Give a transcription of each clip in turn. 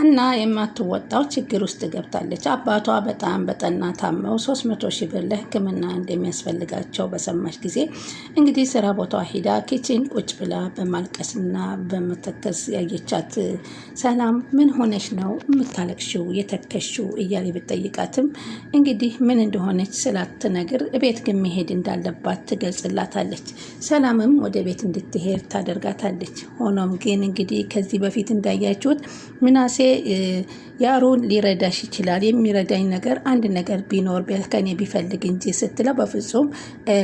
ሀና የማትወጣው ችግር ውስጥ ገብታለች። አባቷ በጣም በጠና ታመው መቶ ሺህ ብር ለሕክምና እንደሚያስፈልጋቸው በሰማች ጊዜ እንግዲህ ስራ ቦታዋ ሂዳ ኪችን ቁጭ ብላ በማልቀስና በመተከስ ያየቻት ሰላም ምን ሆነች ነው የምታለቅሽው የተከሽው እያለ ብጠይቃትም እንግዲህ ምን እንደሆነች ስላትነግር ቤት ግን መሄድ እንዳለባት ትገልጽላታለች። ሰላምም ወደ ቤት እንድትሄድ ታደርጋታለች። ሆኖም ግን እንግዲህ ከዚህ በፊት እንዳያችሁት ምናሴ ያሮን ሊረዳሽ ይችላል። የሚረዳኝ ነገር አንድ ነገር ቢኖር ከኔ ቢፈልግ እንጂ ስትለው በፍጹም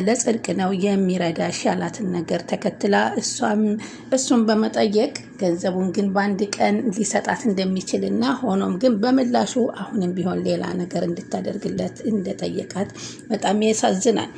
ለጽድቅ ነው የሚረዳሽ ያላትን ነገር ተከትላ እሱን በመጠየቅ ገንዘቡን ግን በአንድ ቀን ሊሰጣት እንደሚችል እና ሆኖም ግን በምላሹ አሁንም ቢሆን ሌላ ነገር እንድታደርግለት እንደጠየቃት በጣም ያሳዝናል።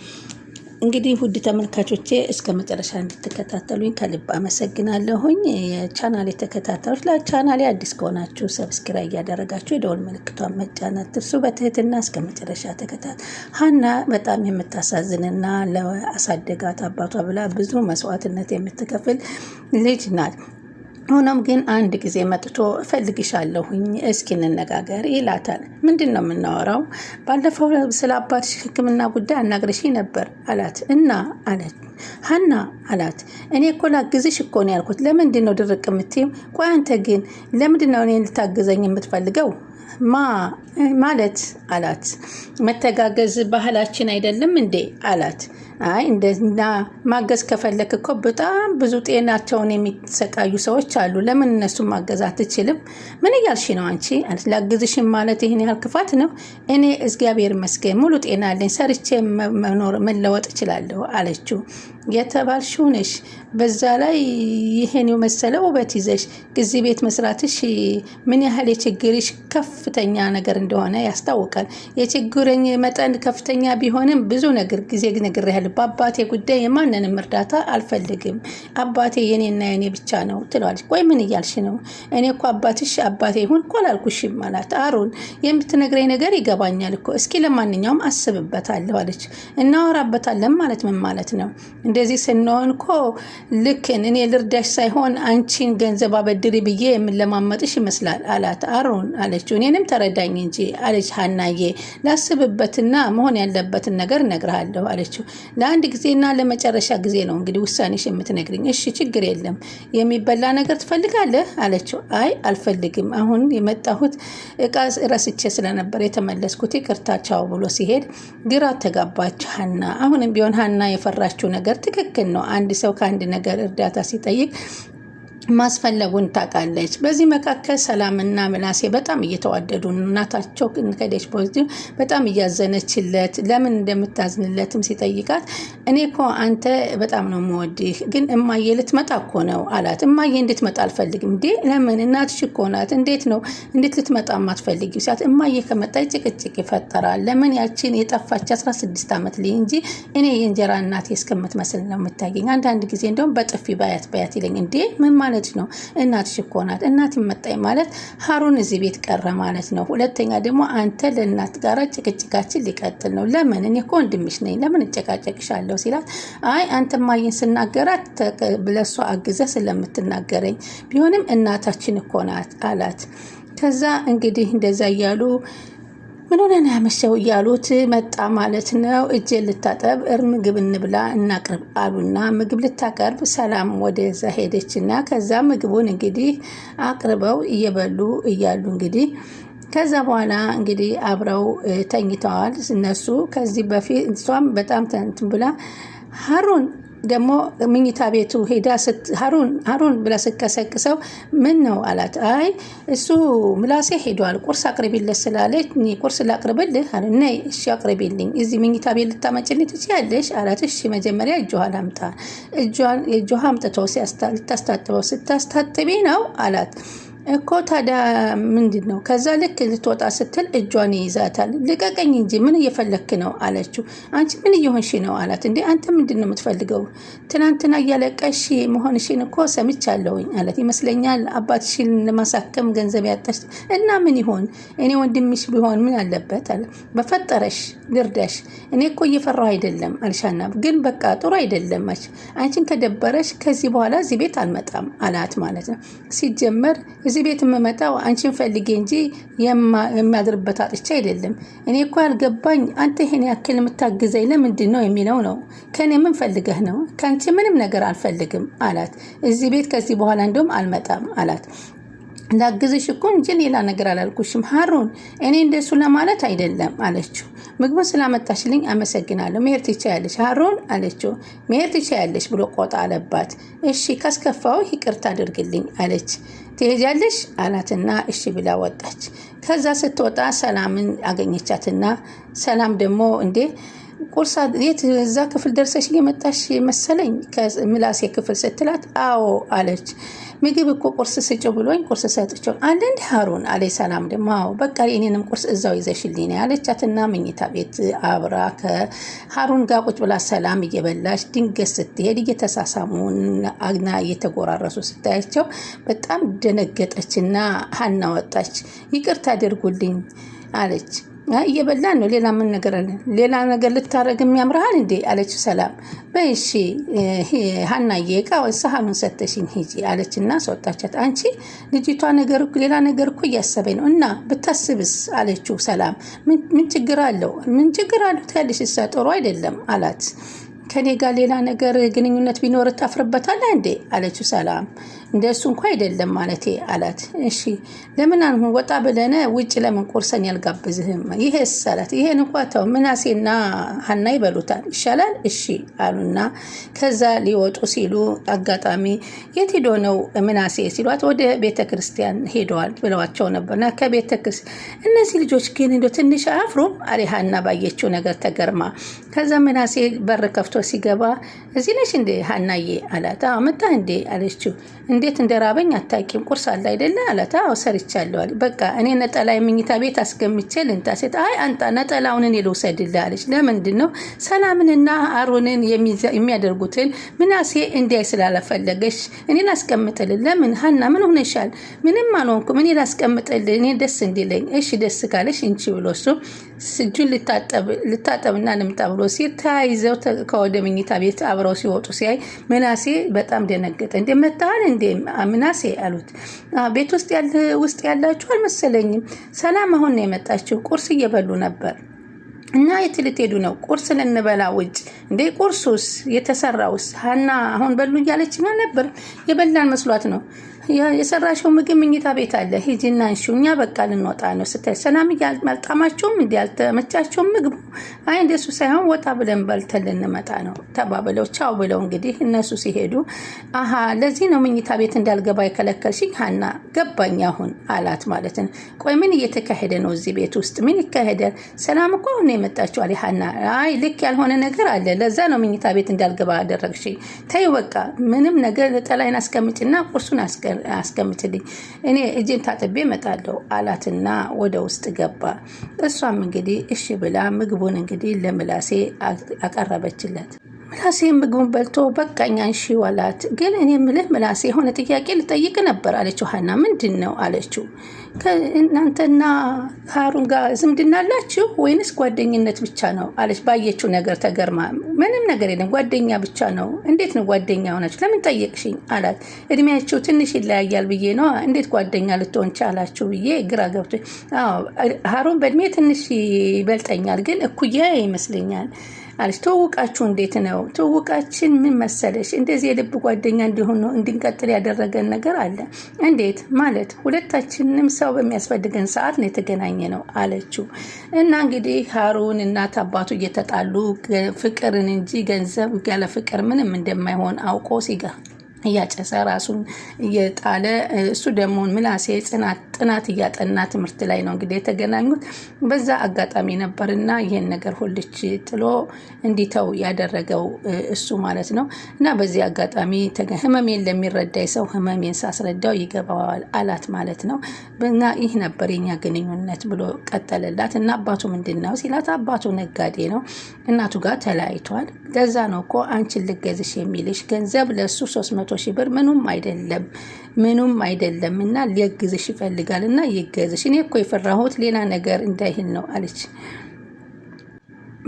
እንግዲህ ውድ ተመልካቾቼ እስከ መጨረሻ እንድትከታተሉኝ ከልብ አመሰግናለሁኝ። የቻናሌ ተከታታዮች ለቻናሌ አዲስ ከሆናችሁ ሰብስክራይ እያደረጋችሁ የደወል ምልክቷን መጫን አትርሱ። በትህትና እስከ መጨረሻ ተከታተሉ። ሀና በጣም የምታሳዝንና ለአሳደጋት አባቷ ብላ ብዙ መስዋዕትነት የምትከፍል ልጅ ናት። ሆኖም ግን አንድ ጊዜ መጥቶ እፈልግሻለሁኝ እስኪ እንነጋገር ይላታል። ምንድን ነው የምናወራው? ባለፈው ስለ አባትሽ ሕክምና ጉዳይ አናግረሽ ነበር አላት እና አለች ሀና አላት። እኔ እኮ ላግዝሽ እኮ ነው ያልኩት። ለምንድን ነው ድርቅ የምትይም? ቆይ አንተ ግን ለምንድን ነው እኔ ልታግዘኝ የምትፈልገው? ማ ማለት አላት። መተጋገዝ ባህላችን አይደለም እንዴ አላት። አይ እንደና ማገዝ ከፈለክ እኮ በጣም ብዙ ጤናቸውን የሚሰቃዩ ሰዎች አሉ። ለምን እነሱ ማገዝ አትችልም? ምን እያልሽ ነው አንቺ? ላግዝሽን ማለት ይህን ያህል ክፋት ነው? እኔ እግዚአብሔር ይመስገን ሙሉ ጤና አለኝ፣ ሰርቼ መኖር መለወጥ እችላለሁ አለችው። یه تبل شونش በዛ ላይ ይሄን የመሰለ ውበት ይዘሽ እዚህ ቤት መስራትሽ ምን ያህል የችግርሽ ከፍተኛ ነገር እንደሆነ ያስታውቃል። የችግረኝ መጠን ከፍተኛ ቢሆንም ብዙ ነገር ጊዜ ነግሬሃለሁ። በአባቴ ጉዳይ የማንንም እርዳታ አልፈልግም። አባቴ የኔና የኔ ብቻ ነው ትለዋለች። ቆይ ምን እያልሽ ነው? እኔ እኮ አባትሽ አባቴ ይሁን እኮ አላልኩሽም አላት። አሮን የምትነግረኝ ነገር ይገባኛል እኮ እስኪ ለማንኛውም አስብበታለሁ አለች። እናወራበታለን ማለት ምን ማለት ነው? እንደዚህ ስንሆን እኮ ልክ እኔ ልርዳሽ ሳይሆን አንቺን ገንዘብ አበድሪ ብዬ የምለማመጥሽ ይመስላል አላት። አሮን አለችው እኔንም ተረዳኝ እንጂ አለች ሀናዬ። ላስብበትና መሆን ያለበትን ነገር እነግርሃለሁ አለችው። ለአንድ ጊዜና ለመጨረሻ ጊዜ ነው እንግዲህ ውሳኔሽ የምትነግርኝ። እሺ ችግር የለም። የሚበላ ነገር ትፈልጋለህ አለችው። አይ አልፈልግም፣ አሁን የመጣሁት እቃ ረስቼ ስለነበር የተመለስኩት ይቅርታ ብሎ ሲሄድ ግራ ተጋባች ሀና። አሁንም ቢሆን ሀና የፈራችው ነገር ትክክል ነው። አንድ ሰው ከአንድ ነገር እርዳታ ሲጠይቅ ማስፈለጉን ታውቃለች። በዚህ መካከል ሰላምና ምናሴ በጣም እየተዋደዱ እናታቸው ከደች በዚህ በጣም እያዘነችለት ለምን እንደምታዝንለትም ሲጠይቃት እኔ እኮ አንተ በጣም ነው የምወድህ፣ ግን እማዬ ልትመጣ እኮ ነው አላት። እማዬ እንድትመጣ አልፈልግም። እንዴ ለምን? እናትሽ እኮ ናት። እንዴት ነው እንዴት ልትመጣ የማትፈልጊው ሲላት፣ እማዬ ከመጣ ጭቅጭቅ ይፈጠራል። ለምን ያችን የጠፋች 16 ዓመት ልጅ እንጂ እኔ የእንጀራ እናቴ እስከምትመስል ነው የምታገኝ። አንዳንድ ጊዜ እንደውም በጥፊ ባያት ባያት ይለኝ። እንዴ ምን ማለት ማለት ነው። እናትሽ እኮ ናት። እናት መጣኝ ማለት ሀሩን እዚህ ቤት ቀረ ማለት ነው። ሁለተኛ ደግሞ አንተ ለእናት ጋር ጭቅጭቃችን ሊቀጥል ነው። ለምን እኔ እኮ ወንድምሽ ነኝ፣ ለምን እጨቃጨቅሻለሁ ሲላት፣ አይ አንተ ማየን ስናገራት ለእሷ አግዘ ስለምትናገረኝ ቢሆንም እናታችን እኮ ናት አላት። ከዛ እንግዲህ እንደዛ እያሉ ምን ሆነን ያመሸው እያሉት መጣ ማለት ነው። እጄን ልታጠብ ምግብ እንብላ እናቅርብ አሉና ምግብ ልታቀርብ ሰላም ወደዛ ሄደች እና ከዛ ምግቡን እንግዲህ አቅርበው እየበሉ እያሉ እንግዲህ ከዛ በኋላ እንግዲህ አብረው ተኝተዋል እነሱ ከዚህ በፊት እሷም በጣም ተንትን ብላ ሀሩን ደግሞ ምኝታ ቤቱ ሄዳ ሀሩን ሀሩን ብላ ስቀሰቅሰው ምን ነው አላት። አይ እሱ ምላሴ ሄዷል ቁርስ አቅርቢለት ስላለች ቁርስ ላቅርብልህ አለ። ነይ እሺ አቅርቢልኝ፣ እዚህ ምኝታ ቤት ልታመጭልኝ ትችያለሽ አላት። እሺ መጀመሪያ እጇን አምጣ። እጇን አምጥቶ ልታስታጥበው ስታስታጥቢ ነው አላት። እኮ ታዲያ ምንድን ነው? ከዛ ልክ ልትወጣ ስትል እጇን ይይዛታል። ልቀቀኝ እንጂ ምን እየፈለክ ነው አለችው። አንቺ ምን እየሆንሽ ነው አላት። እንዴ አንተ ምንድን ነው የምትፈልገው? ትናንትና እያለቀሽ መሆንሽን እኮ ሰምቻለሁኝ አላት። ይመስለኛል አባትሽን ለማሳከም ገንዘብ ያጣሽ እና ምን ይሆን እኔ ወንድምሽ ቢሆን ምን አለበት አለ። በፈጠረሽ ልርዳሽ፣ እኔ እኮ እየፈራሁ አይደለም አልሻና፣ ግን በቃ ጥሩ አይደለም አንቺን ከደበረሽ ከዚህ በኋላ እዚህ ቤት አልመጣም አላት ማለት ነው ሲጀመር እዚህ ቤት የምመጣው አንቺን ፈልጌ እንጂ የሚያድርበት አጥቻ አይደለም። እኔ እኮ አልገባኝ አንተ ይሄን ያክል የምታግዘኝ ለምንድን ነው የሚለው ነው። ከእኔ ምን ፈልገህ ነው? ከአንቺ ምንም ነገር አልፈልግም አላት። እዚህ ቤት ከዚህ በኋላ እንደውም አልመጣም አላት። እንዳግዝሽ እኮ እንጂ ሌላ ነገር አላልኩሽም ሀሩን፣ እኔ እንደሱ ለማለት አይደለም አለችው። ምግቡን ስላመጣሽልኝ አመሰግናለሁ፣ መሄድ ትችያለሽ ሀሩን አለችው። መሄድ ትችያለሽ ብሎ ቆጣ አለባት። እሺ ካስከፋው ይቅርታ አድርግልኝ አለች። ትሄጃለሽ አላትና እሺ ብላ ወጣች። ከዛ ስትወጣ ሰላምን አገኘቻትና ሰላም ደግሞ እንዴ ቁርስ የት እዛ ክፍል ደርሰሽ እየመጣሽ መሰለኝ ከምላሴ ክፍል ስትላት አዎ አለች። ምግብ እኮ ቁርስ ስጭው ብሎኝ ቁርስ ሰጥቼው አለ እንደ ሀሩን አለይ ሰላም ደግሞ አዎ በቃ እኔንም ቁርስ እዛው ይዘሽልኝ ያለቻትና መኝታ ቤት አብራ ከሀሩን ጋር ቁጭ ብላ ሰላም እየበላች ድንገት ስትሄድ እየተሳሳሙ አግና እየተጎራረሱ ስታያቸው በጣም ደነገጠችና ሀና ወጣች። ይቅርታ አድርጉልኝ አለች። እየበላን ነው። ሌላ ምን ነገር አለ? ሌላ ነገር ልታደረግ የሚያምርሃል እንዴ? አለችው ሰላም። በይሺ ሀናዬ እቃ ሰሃኑን ሰተሽኝ ሂጂ አለች እና አስወጣቻት። አንቺ ልጅቷ ነገር ሌላ ነገር እኮ እያሰበኝ ነው እና ብታስብስ አለችው ሰላም። ምን ችግር አለው? ምን ችግር አለው ትያለሽ? እሷ ጥሩ አይደለም አላት። ከኔ ጋር ሌላ ነገር ግንኙነት ቢኖር ታፍርበታለህ እንዴ? አለችው ሰላም እንደሱ እንኳ አይደለም ማለት አላት። እሺ ለምን አንሁን ወጣ ብለነ ውጭ ለምን ቁርሰን ያልጋብዝህም? ይሄስ አላት። ይሄን እንኳ ተው ምናሴና ሀና ይበሉታል ይሻላል። እሺ አሉና ከዛ ሊወጡ ሲሉ አጋጣሚ የት ሄዶ ነው ምናሴ ሲሏት ወደ ቤተ ክርስቲያን ሄደዋል ብለዋቸው ነበርና ከቤተ ክርስቲያን እነዚህ ልጆች ግን እንደ ትንሽ አፍሮ አሌ ሀና ባየችው ነገር ተገርማ ከዛ ምናሴ በር ከፍቶ ሲገባ እዚህ ነሽ እንዴ ሀናዬ አላት። መጣ እንዴ አለችው እንዴ እንዴት እንደራበኝ አታውቂም፣ ቁርስ አለ አይደለ አላት። አዎ ሰርቻለዋል። በቃ እኔ ነጠላ የምኝታ ቤት አስገምቼ ልንጣ። ሴት አይ አንጣ ነጠላውን እኔ ልውሰድልህ አለች። ለምንድን ነው ሰላምንና አሮንን የሚያደርጉትን ምናሴ እንዲያይ ስላላፈለገች እኔ ላስቀምጥልን። ለምን ሀና ምን ሆነሻል? ምንም አልሆንኩም። እኔ ላስቀምጥልን፣ እኔ ደስ እንዲለኝ። እሺ ደስ ካለሽ እንቺ ብሎ እሱ እጁን ልታጠብና ልምጣ ብሎ ሲል ተያይዘው ከወደ ምኝታ ቤት አብረው ሲወጡ ሲያይ ምናሴ በጣም ደነገጠ። እንደመታል እንዴ ምናሴ አሉት። ቤት ውስጥ ያለ ውስጥ ያላችሁ አልመሰለኝም። ሰላም አሁን ነው የመጣችው። ቁርስ እየበሉ ነበር እና የት ልትሄዱ ነው? ቁርስ ልንበላ ውጭ። እንዴ ቁርሱስ የተሰራውስ? ሀና አሁን በሉ እያለች ነበር። የበላን መስሏት ነው የሰራሽው ምግብ ምኝታ ቤት አለ፣ ሂጂና እንሺው፣ እኛ በቃ ልንወጣ ነው ስትል ሰላም አልጣማችሁም፣ እንዲ አልተመቻችሁም ምግቡ? አይ እንደሱ ሳይሆን ወጣ ብለን በልተን ልንመጣ ነው ተባብለው ቻው ብለው እንግዲህ እነሱ ሲሄዱ፣ አሀ ለዚህ ነው ምኝታ ቤት እንዳልገባ የከለከልሽኝ ሀና፣ ገባኝ አሁን አላት ማለት ነው። ቆይ ምን እየተካሄደ ነው እዚህ ቤት ውስጥ ምን ይካሄዳል? ሰላም እኮ አሁን ነው ሀና። አይ ልክ ያልሆነ ነገር አለ፣ ለዛ ነው ምኝታ ቤት እንዳልገባ አደረግሽኝ። ተይ በቃ ምንም ነገር ጠላይን አስቀምጭና ቁርሱን አስቀ ነገር እኔ እጄን ታጥቤ እመጣለሁ አላትና ወደ ውስጥ ገባ። እሷም እንግዲህ እሺ ብላ ምግቡን እንግዲህ ለምላሴ አቀረበችለት። ምላሴ ምግቡን በልቶ በቃኛ አንሺው አላት። ግን እኔ ምልህ ምላሴ የሆነ ጥያቄ ልጠይቅ ነበር አለችው። ሀና ምንድን ነው አለችው። እናንተና ሀሩን ጋር ዝምድና አላችሁ ወይንስ ጓደኝነት ብቻ ነው አለች። ባየችው ነገር ተገርማ ምንም ነገር የለም ጓደኛ ብቻ ነው። እንዴት ነው ጓደኛ ሆናችሁ? ለምን ጠየቅሽኝ አላት። እድሜያቸው ትንሽ ይለያያል ብዬ ነው። እንዴት ጓደኛ ልትሆን ቻላችሁ ብዬ ግራ ገብቶ ሀሩን በእድሜ ትንሽ ይበልጠኛል፣ ግን እኩያ ይመስለኛል አለች። ትውውቃችሁ እንዴት ነው? ትውውቃችን ምን መሰለሽ፣ እንደዚህ የልብ ጓደኛ እንዲሆን ነው እንድንቀጥል ያደረገን ነገር አለ። እንዴት ማለት? ሁለታችንም ሰው በሚያስፈልገን ሰዓት ነው የተገናኘ ነው አለችው። እና እንግዲህ ሀሩን እናት አባቱ እየተጣሉ ፍቅርን እንጂ ገንዘብ ያለ ፍቅር ምንም እንደማይሆን አውቆ ሲጋ እያጨሰ ራሱን እየጣለ እሱ ደግሞ ምላሴ ጥናት እያጠና ትምህርት ላይ ነው እንግዲህ የተገናኙት። በዛ አጋጣሚ ነበርና ይህን ነገር ሁልች ጥሎ እንዲተው ያደረገው እሱ ማለት ነው። እና በዚህ አጋጣሚ ህመሜን ለሚረዳኝ ሰው ህመሜን ሳስረዳው ይገባዋል አላት ማለት ነው። እና ይህ ነበር የኛ ግንኙነት ብሎ ቀጠለላት። እና አባቱ ምንድን ነው ሲላት፣ አባቱ ነጋዴ ነው፣ እናቱ ጋር ተለያይቷል። ገዛ ነው እኮ አንቺን ልገዝሽ የሚልሽ ገንዘብ ለእሱ ሶስት መቶ ሺህ ብር ምኑም አይደለም ምኑም አይደለም እና ሊያግዝሽ ይፈልጋል እና ይገዝሽ። እኔ እኮ የፈራሁት ሌላ ነገር እንዳይህል ነው አለች።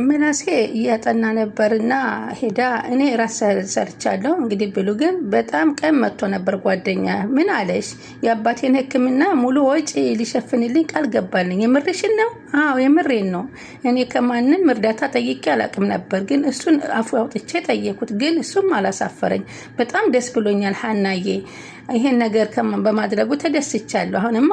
ምናሴ እያጠና ነበርና ሄዳ እኔ ራስ ሰርቻለሁ እንግዲህ ብሉ ግን በጣም ቀን መጥቶ ነበር። ጓደኛ ምን አለሽ? የአባቴን ህክምና ሙሉ ወጪ ሊሸፍንልኝ ቃል ገባልኝ። የምርሽን ነው? አዎ የምሬን ነው። እኔ ከማንም እርዳታ ጠይቄ አላቅም ነበር፣ ግን እሱን አፉ አውጥቼ ጠየኩት፣ ግን እሱም አላሳፈረኝ። በጣም ደስ ብሎኛል ሀናዬ ይሄን ነገር በማድረጉ ተደስቻለሁ። አሁንማ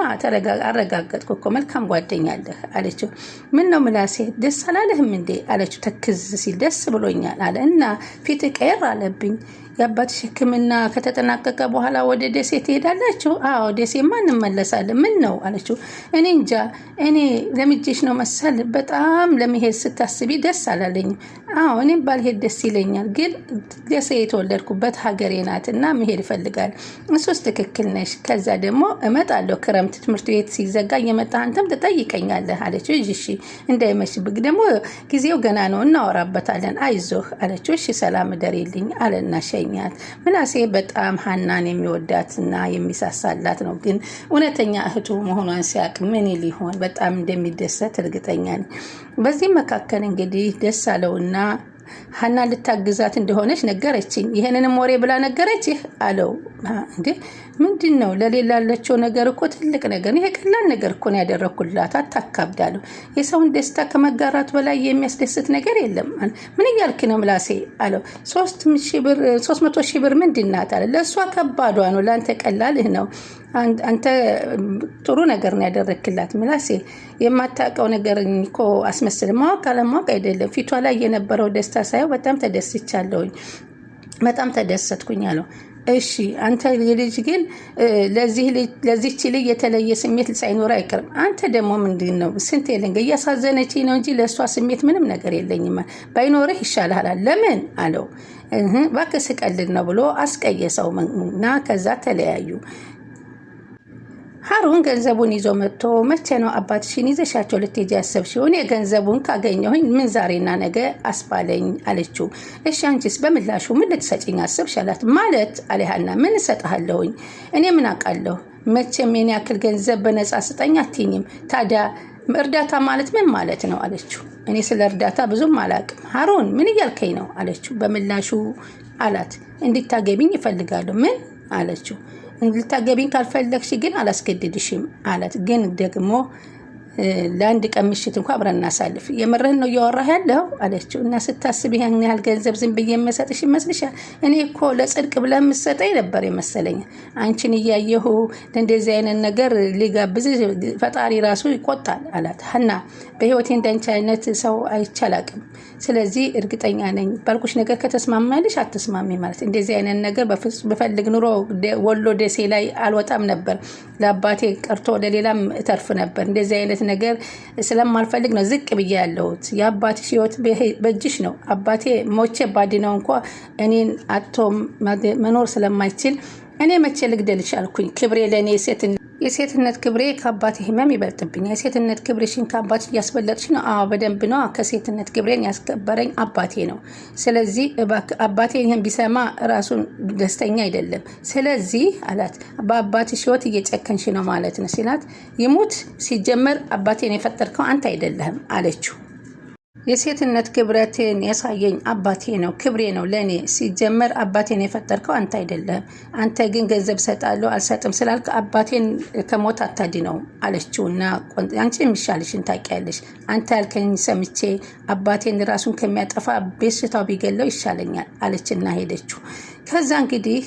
አረጋገጥኩ እኮ መልካም ጓደኛለህ አለችው። ምን ነው ምናሴ ደስ አላለህም እንዴ? አለችው። ተክዝ ሲል ደስ ብሎኛል አለ እና ፊት ቀየር አለብኝ የአባትሽ ሕክምና ከተጠናቀቀ በኋላ ወደ ደሴ ትሄዳላችሁ? አዎ ደሴማ እንመለሳለን። ምን ነው አለችው። እኔ እንጃ እኔ ለምጄሽ ነው መሰል በጣም ለመሄድ ስታስቢ ደስ አላለኝም። አዎ እኔም ባልሄድ ደስ ይለኛል፣ ግን ደሴ የተወለድኩበት ሀገሬ ናት እና መሄድ ይፈልጋል። እሱስ ትክክል ነሽ። ከዛ ደግሞ እመጣለሁ ክረምት ትምህርት ቤት ሲዘጋ እየመጣ አንተም ትጠይቀኛለህ አለችው። እሺ እንዳይመሽብግ ደግሞ ጊዜው ገና ነው እናወራበታለን፣ አይዞህ አለችው። እሺ ሰላም እደሪልኝ አለና ሸ ይገኛል። ምናሴ በጣም ሀናን የሚወዳትና የሚሳሳላት ነው። ግን እውነተኛ እህቱ መሆኗን ሲያቅ ምን ሊሆን በጣም እንደሚደሰት እርግጠኛ ነኝ። በዚህ መካከል እንግዲህ ደስ አለውና ሀና ልታግዛት እንደሆነች ነገረችኝ። ይህንንም ወሬ ብላ ነገረች ይህ አለው። እንዴ ምንድን ነው ለሌላ ያለችው ነገር እኮ ትልቅ ነገር፣ ይሄ ቀላል ነገር እኮ ነው ያደረግኩላት፣ አታካብዳለሁ። የሰውን ደስታ ከመጋራት በላይ የሚያስደስት ነገር የለም። ምን እያልክ ነው ምላሴ አለው። ሶስት መቶ ሺህ ብር ምንድን ናት አለ። ለእሷ ከባዷ ነው፣ ለአንተ ቀላልህ ነው። አንተ ጥሩ ነገር ነው ያደረግክላት ምላሴ የማታውቀው ነገር እኮ አስመስል ማወቅ አለማወቅ አይደለም። ፊቷ ላይ የነበረው ደስታ ሳየው በጣም ተደስቻለሁኝ፣ በጣም ተደሰትኩኝ አለው። እሺ አንተ ልጅ ግን ለዚህች ልጅ የተለየ ስሜት ሳይኖር አይቀርም። አንተ ደግሞ ምንድን ነው ስንት የለኝ እያሳዘነች ነው እንጂ ለእሷ ስሜት ምንም ነገር የለኝም። ባይኖርህ ይሻልሃል። ለምን አለው። እባክህ ስቀልድ ነው ብሎ አስቀየሰው እና ከዛ ተለያዩ። ሀሩን ገንዘቡን ይዞ መጥቶ መቼ ነው አባትሽን ይዘሻቸው ልትሄጂ ያሰብሽው? እኔ ገንዘቡን ካገኘሁኝ ምን ዛሬና ነገ አስባለኝ አለችው። እሺ አንቺስ በምላሹ ምን ልትሰጪኝ አሰብሽ አላት። ማለት አሊሃና ምን እሰጥሃለሁኝ? እኔ ምን አውቃለሁ? መቼም የኔ ያክል ገንዘብ በነፃ ስጠኝ አትይኝም። ታዲያ እርዳታ ማለት ምን ማለት ነው አለችው። እኔ ስለ እርዳታ ብዙም አላውቅም። ሀሩን ምን እያልከኝ ነው አለችው። በምላሹ አላት እንድታገቢኝ ይፈልጋሉ። ምን አለችው ልታገቢኝ ካልፈለግሽ ግን አላስገድድሽም አላት። ግን ደግሞ ለአንድ ቀን ምሽት እንኳ አብረን እናሳልፍ፣ የምርህን ነው እያወራህ ያለው አለችው። እና ስታስብ ያን ያህል ገንዘብ ዝም ብዬ የምሰጥሽ ይመስልሻል? እኔ እኮ ለጽድቅ ብለህ የምትሰጠኝ ነበር የመሰለኝ። አንቺን እያየሁ እንደዚህ አይነት ነገር ሊጋብዝ ፈጣሪ ራሱ ይቆጣል አላት። ሀና በህይወቴ እንዳንቺ አይነት ሰው አይቻላቅም። ስለዚህ እርግጠኛ ነኝ ባልኩሽ ነገር ከተስማማልሽ አትስማሚ ማለት እንደዚህ አይነት ነገር በፈልግ ኑሮ ወሎ ደሴ ላይ አልወጣም ነበር፣ ለአባቴ ቀርቶ ለሌላም እተርፍ ነበር እንደዚህ አይነት ነገር ስለማልፈልግ ነው ዝቅ ብዬ ያለሁት። የአባትሽ ህይወት በእጅሽ ነው። አባቴ ሞቼ ነው እንኳ እኔን አቶ መኖር ስለማይችል እኔ መቼ ልግደልሽ አልኩኝ። ክብሬ ለእኔ ሴት የሴትነት ክብሬ ከአባቴ ህመም ይበልጥብኝ። የሴትነት ክብርሽን ከአባት እያስበለጥሽ ነው። አዎ በደንብ ነዋ። ከሴትነት ክብሬን ያስከበረኝ አባቴ ነው። ስለዚህ አባቴ ይህን ቢሰማ ራሱን ደስተኛ አይደለም። ስለዚህ አላት በአባትሽ ህይወት እየጨከንሽ ነው ማለት ነው ሲላት፣ ይሙት ሲጀመር አባቴን የፈጠርከው አንተ አይደለህም አለችው። የሴትነት ክብረትን ያሳየኝ አባቴ ነው፣ ክብሬ ነው ለእኔ። ሲጀመር አባቴን የፈጠርከው አንተ አይደለም። አንተ ግን ገንዘብ ሰጣለሁ አልሰጥም ስላልክ አባቴን ከሞት ነው አለችው እና አንቺ የሚሻልሽን ታውቂያለሽ። አንተ ያልከኝ ሰምቼ አባቴን ራሱን ከሚያጠፋ በሽታው ቢገለው ይሻለኛል አለችና ሄደችው። ከዛ እንግዲህ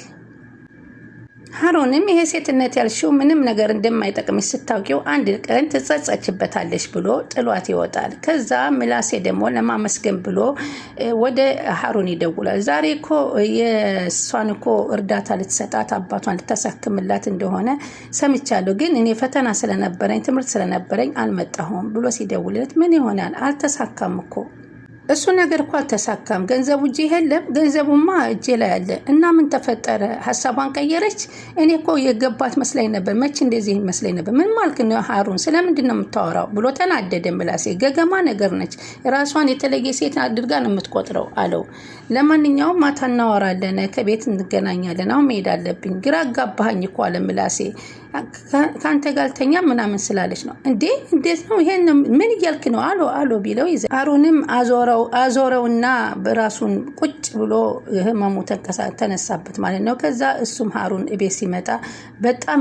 ሀሮንም ይሄ ሴትነት ያልሽው ምንም ነገር እንደማይጠቅምሽ ስታውቂው አንድ ቀን ትጸጸችበታለሽ ብሎ ጥሏት ይወጣል። ከዛ ምላሴ ደግሞ ለማመስገን ብሎ ወደ ሀሮን ይደውላል። ዛሬ እኮ የእሷን እኮ እርዳታ ልትሰጣት አባቷን ልታሳክምላት እንደሆነ ሰምቻለሁ፣ ግን እኔ ፈተና ስለነበረኝ ትምህርት ስለነበረኝ አልመጣሁም ብሎ ሲደውልለት ምን ይሆናል አልተሳካም እኮ እሱ ነገር እኮ አልተሳካም። ገንዘቡ እጅ የለም። ገንዘቡማ እጄ ላይ አለ እና ምን ተፈጠረ? ሀሳቧን ቀየረች። እኔ እኮ የገባት መስላኝ ነበር። መቼ እንደዚህ መስላኝ ነበር። ምን ማልክ ነው ሀሩን? ስለምንድን ነው የምታወራው? ብሎ ተናደደ። ምላሴ ገገማ ነገር ነች። ራሷን የተለየ ሴት አድርጋ ነው የምትቆጥረው አለው። ለማንኛውም ማታ እናወራለን፣ ከቤት እንገናኛለን። አሁን መሄድ አለብኝ። ግራ ጋባሃኝ እኮ አለ ምላሴ ከአንተ ጋር አልተኛም ምናምን ስላለች ነው። እንዴ እንዴት ነው ይሄን? ምን እያልክ ነው? አሎ አሎ ቢለው ይዘ አሮንም አዞረው አዞረውና በራሱን ቁጭ ብሎ ህመሙ ተነሳበት ማለት ነው። ከዛ እሱም ሀሩን እቤት ሲመጣ በጣም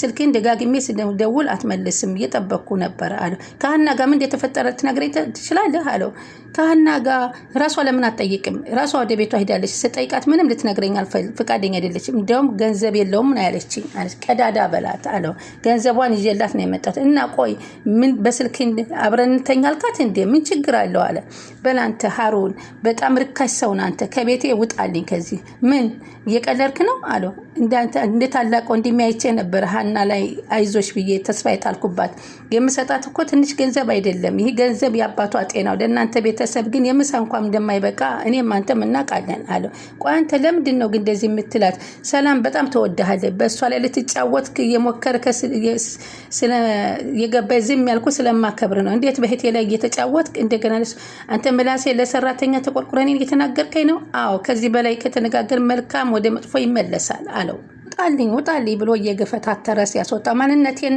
ስልክን ደጋግሜ ስደውል አትመልስም እየጠበቅኩ ነበር አለ። ከሀና ጋር ምን እንደተፈጠረ ትነግረኝ ትችላለህ አለው። ከሀና ጋር ራሷ ለምን አትጠይቅም? ራሷ ወደ ቤቷ ሄዳለች። ስጠይቃት ምንም ልትነግረኝ ፈቃደኛ አይደለችም። እንዲያውም ገንዘብ የለውም ነው ቀዳዳ በላት አለው። ገንዘቧን ይዤላት ነው የመጣት እና ቆይ ምን በስልክ አብረን እንተኛ አልካት እንዴ? ምን ችግር አለው አለ። በላንተ ሀሩን በጣም ርካሽ ሰውን አንተ ከቤቴ ውጣልኝ። ከዚህ ምን እየቀለድክ ነው አለው። እንደ ታላቅ ወንድሜ አይቼ ነበር ሀና ላይ አይዞች ብዬ ተስፋ የጣልኩባት። የምሰጣት እኮ ትንሽ ገንዘብ አይደለም። ይህ ገንዘብ የአባቷ ጤናው ለእናንተ ቤተ ቤተሰብ ግን የምሳ እንኳም እንደማይበቃ እኔም አንተም እናውቃለን አለው። ቆይ አንተ ለምንድን ነው ግን እንደዚህ የምትላት? ሰላም በጣም ተወድሃለች። በእሷ ላይ ልትጫወት የሞከርክ የገባ ዝም ያልኩ ስለማከብር ነው። እንዴት በህቴ ላይ እየተጫወት እንደገና አንተ ምላሴ ለሰራተኛ ተቆርቁረኔን እየተናገርከኝ ነው? አዎ ከዚህ በላይ ከተነጋገር መልካም ወደ መጥፎ ይመለሳል አለው። ውጣልኝ ውጣልኝ ብሎ እየገፈታተረ ሲያስወጣ ማንነቴን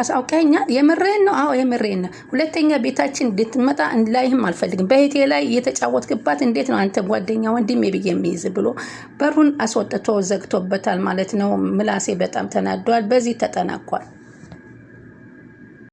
አሳውቀኛል። የምሬን ነው። አዎ የምሬን ነው። ሁለተኛ ቤታችን እንድትመጣ ላይህም አልፈልግም። በህቴ ላይ እየተጫወትክባት እንዴት ነው አንተ ጓደኛ ወንድሜ ብዬ የሚይዝ ብሎ በሩን አስወጥቶ ዘግቶበታል ማለት ነው። ምላሴ በጣም ተናዷል። በዚህ ተጠናቋል።